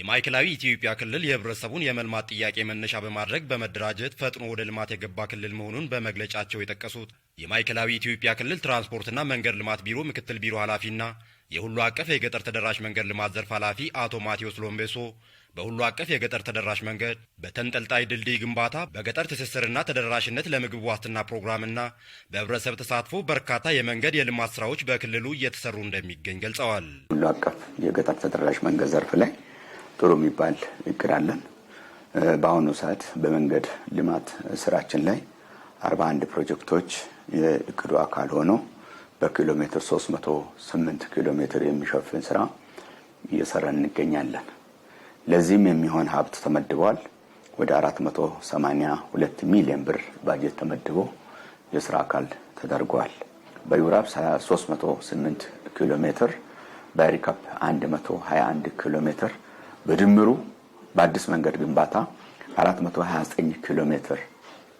የማዕከላዊ ኢትዮጵያ ክልል የህብረተሰቡን የመልማት ጥያቄ መነሻ በማድረግ በመደራጀት ፈጥኖ ወደ ልማት የገባ ክልል መሆኑን በመግለጫቸው የጠቀሱት የማዕከላዊ ኢትዮጵያ ክልል ትራንስፖርትና መንገድ ልማት ቢሮ ምክትል ቢሮ ኃላፊና የሁሉ አቀፍ የገጠር ተደራሽ መንገድ ልማት ዘርፍ ኃላፊ አቶ ማቴዎስ ሎምቤሶ በሁሉ አቀፍ የገጠር ተደራሽ መንገድ በተንጠልጣይ ድልድይ ግንባታ በገጠር ትስስርና ተደራሽነት ለምግብ ዋስትና ፕሮግራምና በህብረተሰብ ተሳትፎ በርካታ የመንገድ የልማት ስራዎች በክልሉ እየተሰሩ እንደሚገኝ ገልጸዋል። ሁሉ አቀፍ የገጠር ተደራሽ መንገድ ዘርፍ ላይ ጥሩ የሚባል እቅድ አለን። በአሁኑ ሰዓት በመንገድ ልማት ስራችን ላይ 41 ፕሮጀክቶች የእቅዱ አካል ሆኖ በኪሎ ሜትር 308 ኪሎ ሜትር የሚሸፍን ስራ እየሰራን እንገኛለን። ለዚህም የሚሆን ሀብት ተመድቧል። ወደ 482 ሚሊዮን ብር ባጀት ተመድቦ የስራ አካል ተደርጓል። በዩራፕ 308 ኪሎ ሜትር በሪካፕ 121 ኪሎ ሜትር በድምሩ በአዲስ መንገድ ግንባታ 429 ኪሎ ሜትር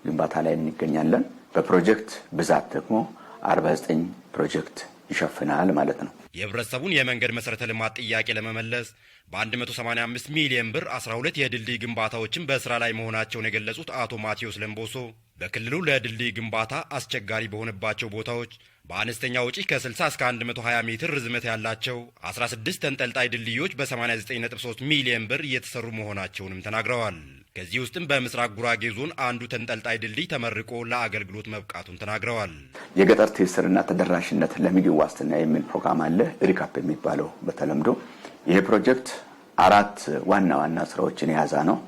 ግንባታ ላይ እንገኛለን። በፕሮጀክት ብዛት ደግሞ 49 ፕሮጀክት ይሸፍናል ማለት ነው። የህብረተሰቡን የመንገድ መሰረተ ልማት ጥያቄ ለመመለስ በ185 ሚሊዮን ብር 12 የድልድይ ግንባታዎችን በስራ ላይ መሆናቸውን የገለጹት አቶ ማቴዎስ ለምቦሶ በክልሉ ለድልድይ ግንባታ አስቸጋሪ በሆነባቸው ቦታዎች በአነስተኛ ወጪ ከ60 እስከ 120 ሜትር ርዝመት ያላቸው 16 ተንጠልጣይ ድልድዮች በ89.3 ሚሊዮን ብር እየተሰሩ መሆናቸውንም ተናግረዋል። ከዚህ ውስጥም በምስራቅ ጉራጌ ዞን አንዱ ተንጠልጣይ ድልድይ ተመርቆ ለአገልግሎት መብቃቱን ተናግረዋል። የገጠር ትስስርና ተደራሽነት ለምግብ ዋስትና የሚል ፕሮግራም አለ፣ ሪካፕ የሚባለው በተለምዶ ይሄ ፕሮጀክት አራት ዋና ዋና ስራዎችን የያዛ ነው።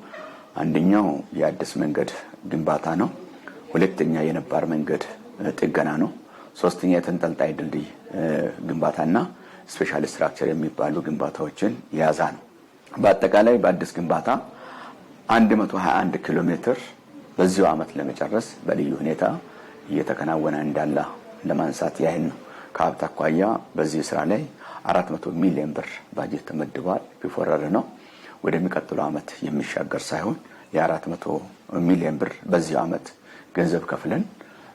አንደኛው የአዲስ መንገድ ግንባታ ነው። ሁለተኛ የነባር መንገድ ጥገና ነው። ሶስተኛ የተንጠልጣይ ድልድይ ግንባታና ስፔሻል ስትራክቸር የሚባሉ ግንባታዎችን የያዛ ነው። በአጠቃላይ በአዲስ ግንባታ 121 ኪሎ ሜትር በዚሁ ዓመት ለመጨረስ በልዩ ሁኔታ እየተከናወነ እንዳለ ለማንሳት ያህል ነው። ከሀብት አኳያ በዚህ ስራ ላይ 400 ሚሊዮን ብር ባጀት ተመድቧል። ቢፎረር ነው ወደሚቀጥለው ዓመት የሚሻገር ሳይሆን የ400 ሚሊዮን ብር በዚሁ ዓመት ገንዘብ ከፍለን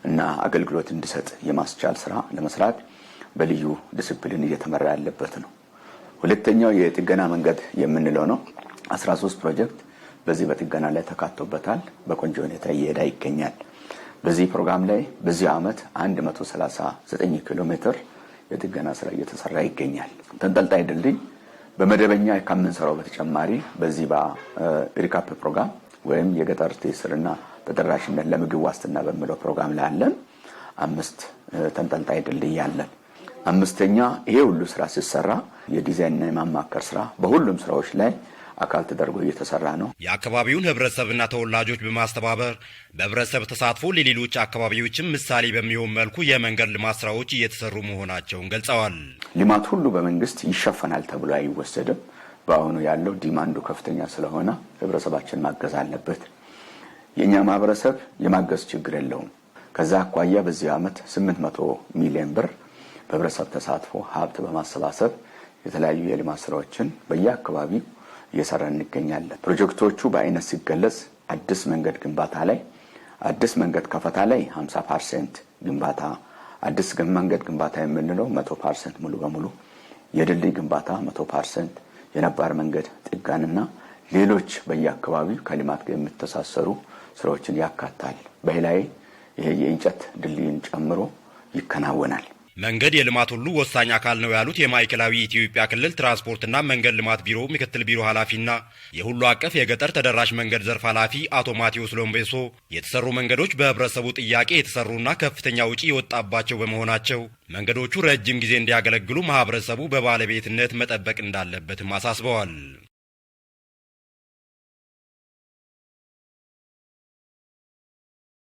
እና አገልግሎት እንዲሰጥ የማስቻል ስራ ለመስራት በልዩ ዲስፕሊን እየተመራ ያለበት ነው። ሁለተኛው የጥገና መንገድ የምንለው ነው። 13 ፕሮጀክት በዚህ በጥገና ላይ ተካቶበታል። በቆንጆ ሁኔታ እየሄዳ ይገኛል። በዚህ ፕሮግራም ላይ በዚህ ዓመት 139 ኪሎ ሜትር የጥገና ስራ እየተሰራ ይገኛል። ተንጠልጣይ ድልድይ በመደበኛ ከምንሰራው በተጨማሪ በዚህ በሪካፕ ፕሮግራም ወይም የገጠር ትስስርና ተደራሽነት ለምግብ ዋስትና በሚለው ፕሮግራም ላይ አለን። አምስት ተንጠልጣይ ድልድይ አለን። አምስተኛ ይሄ ሁሉ ስራ ሲሰራ የዲዛይንና የማማከር ስራ በሁሉም ስራዎች ላይ አካል ተደርጎ እየተሰራ ነው። የአካባቢውን ህብረተሰብና ተወላጆች በማስተባበር በህብረተሰብ ተሳትፎ ለሌሎች አካባቢዎችም ምሳሌ በሚሆን መልኩ የመንገድ ልማት ስራዎች እየተሰሩ መሆናቸውን ገልጸዋል። ልማት ሁሉ በመንግስት ይሸፈናል ተብሎ አይወሰድም። በአሁኑ ያለው ዲማንዱ ከፍተኛ ስለሆነ ህብረተሰባችን ማገዝ አለበት። የእኛ ማህበረሰብ የማገዝ ችግር የለውም። ከዛ አኳያ በዚህ ዓመት 800 ሚሊዮን ብር በህብረተሰብ ተሳትፎ ሀብት በማሰባሰብ የተለያዩ የልማት ስራዎችን በየአካባቢው እየሰራ እንገኛለን። ፕሮጀክቶቹ በአይነት ሲገለጽ አዲስ መንገድ ግንባታ ላይ አዲስ መንገድ ከፈታ ላይ 50 ፐርሰንት ግንባታ፣ አዲስ መንገድ ግንባታ የምንለው 100 ፐርሰንት ሙሉ በሙሉ፣ የድልድይ ግንባታ 100 ፐርሰንት፣ የነባር መንገድ ጥጋንና ሌሎች በየአካባቢው ከልማት ጋር የሚተሳሰሩ ስራዎችን ያካታል። በላይ ይሄ የእንጨት ድልድይን ጨምሮ ይከናወናል። መንገድ የልማት ሁሉ ወሳኝ አካል ነው ያሉት የማዕከላዊ ኢትዮጵያ ክልል ትራንስፖርትና መንገድ ልማት ቢሮ ምክትል ቢሮ ኃላፊና የሁሉ አቀፍ የገጠር ተደራሽ መንገድ ዘርፍ ኃላፊ አቶ ማቴዎስ ሎምቤሶ የተሰሩ መንገዶች በህብረተሰቡ ጥያቄ የተሰሩና ከፍተኛ ውጪ የወጣባቸው በመሆናቸው መንገዶቹ ረጅም ጊዜ እንዲያገለግሉ ማህበረሰቡ በባለቤትነት መጠበቅ እንዳለበትም አሳስበዋል።